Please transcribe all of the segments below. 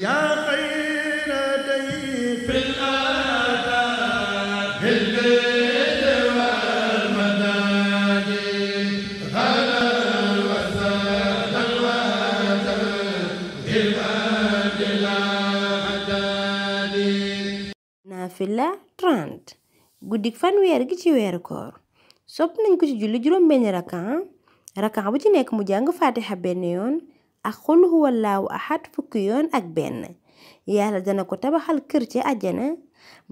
nafila 30 guddik fanweer gi ci weeru koor sopp nañ ko ci julli juróom benn rakan rakan bu ci nekk mu jàng faatixa benn yoon ak xul huwallaahu ahad fukki yoon ak benn yàlla dana ko tabaxal kër ci àjjana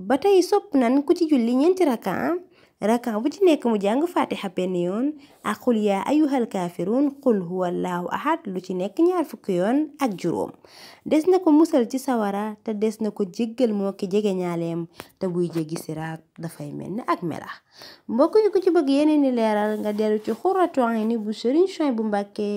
ba tey sopp nan ku ci julli ñeenti rakan rakan bu ci nekk mu jàng fatiha benn yoon ak xul yaa ayuhal kaafiruun xul huwallaahu ahad lu ci nekk ñaar fukki yoon ak juróom des na ko musal ci sawara te des na ko jéggal moo ki jege ñaaleem te buy jéggi siraat dafay mel ni ak melax mbokk yi ku ci ni leeral nga dellu ci xurratu ayni bu sëriñ Suwaybu bu mbàkkee